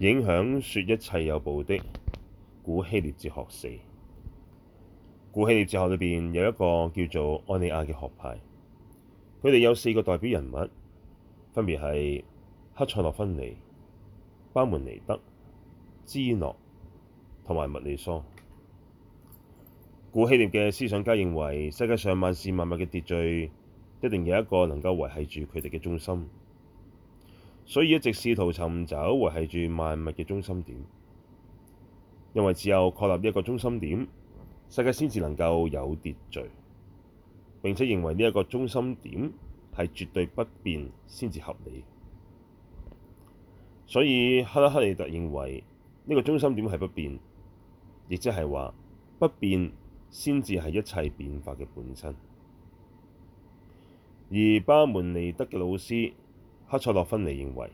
影響說一切有部的古希臘哲學四。古希臘哲學裏邊有一個叫做愛利亞嘅學派，佢哋有四個代表人物，分別係克塞諾芬尼、巴門尼德、芝諾同埋麥裡梭。古希臘嘅思想家認為，世界上萬事萬物嘅秩序，一定有一個能夠維繫住佢哋嘅中心。所以一直試圖尋找維繫住萬物嘅中心點，因為只有確立呢一個中心點，世界先至能夠有秩序。並且認為呢一個中心點係絕對不變先至合理。所以赫拉克利特認為呢、這個中心點係不變，亦即係話不變先至係一切變化嘅本身。而巴門尼德嘅老師。克塞諾芬尼認為，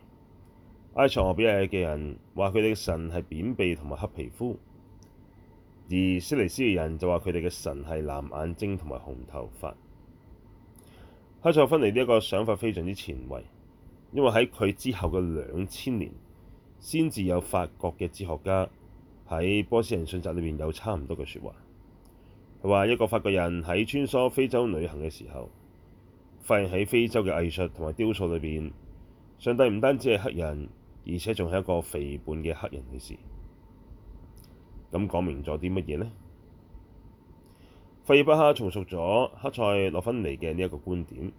埃塞俄比亞嘅人話，佢哋嘅神係扁鼻同埋黑皮膚，而色雷斯嘅人就話，佢哋嘅神係藍眼睛同埋紅頭髮。克塞諾芬尼呢一個想法非常之前衛，因為喺佢之後嘅兩千年，先至有法國嘅哲學家喺波斯人信札裏面有差唔多嘅説話，佢話一個法國人喺穿梭非洲旅行嘅時候發現，喺非洲嘅藝術同埋雕塑裏面。上帝唔單止係黑人，而且仲係一個肥胖嘅黑人女士。咁講明咗啲乜嘢咧？費爾巴哈重述咗克塞諾芬尼嘅呢一個觀點，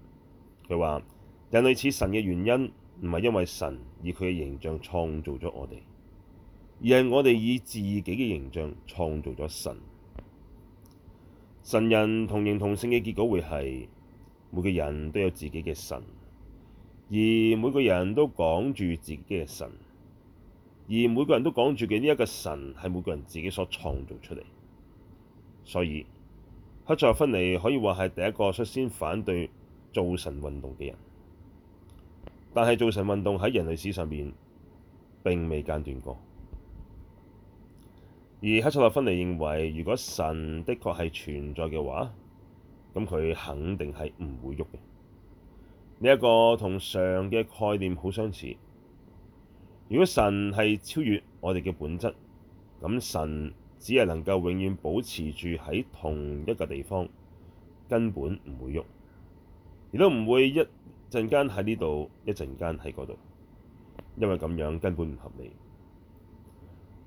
佢話人類似神嘅原因，唔係因為神以佢嘅形象創造咗我哋，而係我哋以自己嘅形象創造咗神。神人同形同性嘅結果會係每個人都有自己嘅神。而每個人都講住自己嘅神，而每個人都講住嘅呢一個神係每個人自己所創造出嚟。所以，克塞諾芬尼可以話係第一個率先反對造神運動嘅人。但係造神運動喺人類史上面並未間斷過。而克塞諾芬尼認為，如果神的確係存在嘅話，咁佢肯定係唔會喐嘅。呢一個同上嘅概念好相似。如果神係超越我哋嘅本質，咁神只係能夠永遠保持住喺同一個地方，根本唔會喐，亦都唔會一陣間喺呢度，一陣間喺嗰度，因為咁樣根本唔合理。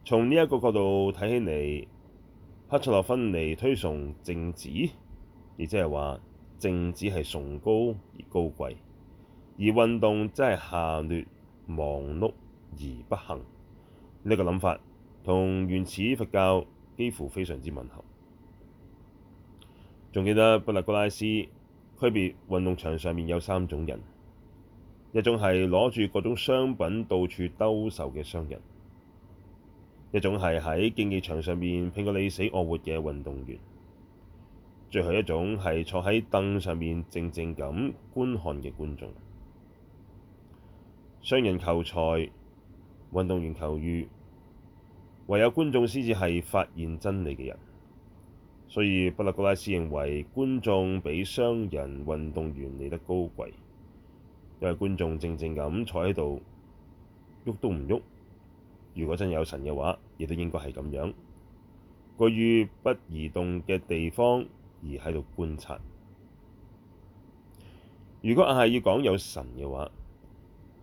從呢一個角度睇起嚟，克塞諾芬尼推崇靜止，亦即係話，靜止係崇高而高貴，而運動則係下劣、忙碌而不幸。呢、這個諗法同原始佛教幾乎非常之吻合。仲記得畢達哥拉斯區別運動場上面有三種人：一種係攞住各種商品到處兜售嘅商人；一種係喺競技場上面拼過你死我活嘅運動員。最後一種係坐喺凳上面靜靜咁觀看嘅觀眾。商人求財、運動員求譽，唯有觀眾先至係發現真理嘅人。所以，畢達哥拉斯認為，觀眾比商人、運動員嚟得高貴，因為觀眾靜靜咁坐喺度，喐都唔喐。如果真有神嘅話，亦都應該係咁樣，居於不移動嘅地方，而喺度觀察，如果硬係要講有神嘅話，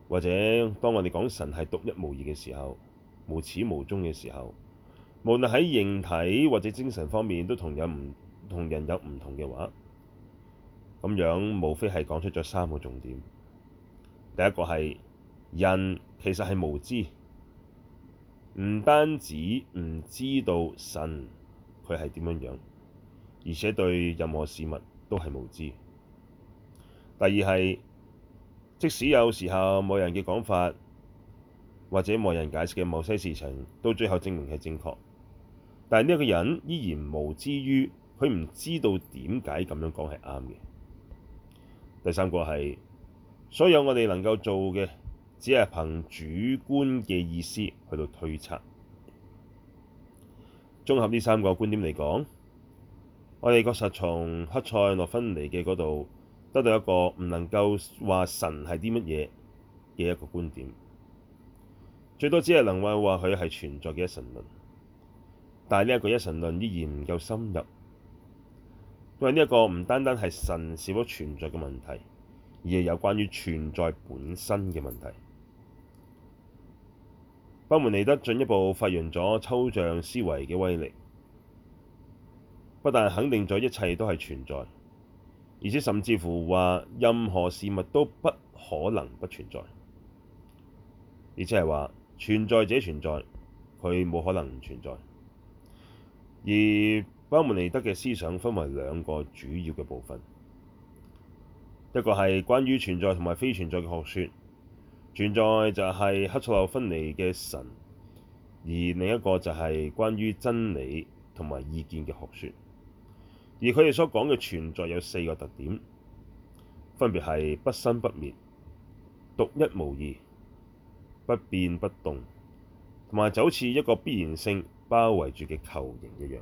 或者當我哋講神係獨一無二嘅時候，無始無終嘅時候，無論喺形體或者精神方面都同有唔同人有唔同嘅話，咁樣無非係講出咗三個重點。第一個係人其實係無知，唔單止唔知道神佢係點樣樣。而且對任何事物都係無知。第二係，即使有時候某人嘅講法或者某人解釋嘅某些事情，到最後證明係正確，但係呢一個人依然無知於佢唔知道點解咁樣講係啱嘅。第三個係，所有我哋能夠做嘅，只係憑主觀嘅意思去到推測。綜合呢三個觀點嚟講。我哋確實從克塞諾芬尼嘅嗰度得到一個唔能夠話神係啲乜嘢嘅一個觀點，最多只係能話話佢係存在嘅一神論。但係呢一個一神論依然唔夠深入，因為呢一個唔單單係神是否存在嘅問題，而係有關於存在本身嘅問題。巴門尼德進一步發揚咗抽象思維嘅威力。不但肯定咗一切都係存在，而且甚至乎話任何事物都不可能不存在，而且係話存在者存在，佢冇可能唔存在。而巴門尼德嘅思想分為兩個主要嘅部分，一個係關於存在同埋非存在嘅學說，存在就係克塞諾芬尼嘅神，而另一個就係關於真理同埋意見嘅學說。而佢哋所講嘅存在有四個特點，分別係不生不滅、獨一無二、不變不動，同埋就好似一個必然性包圍住嘅球形一樣。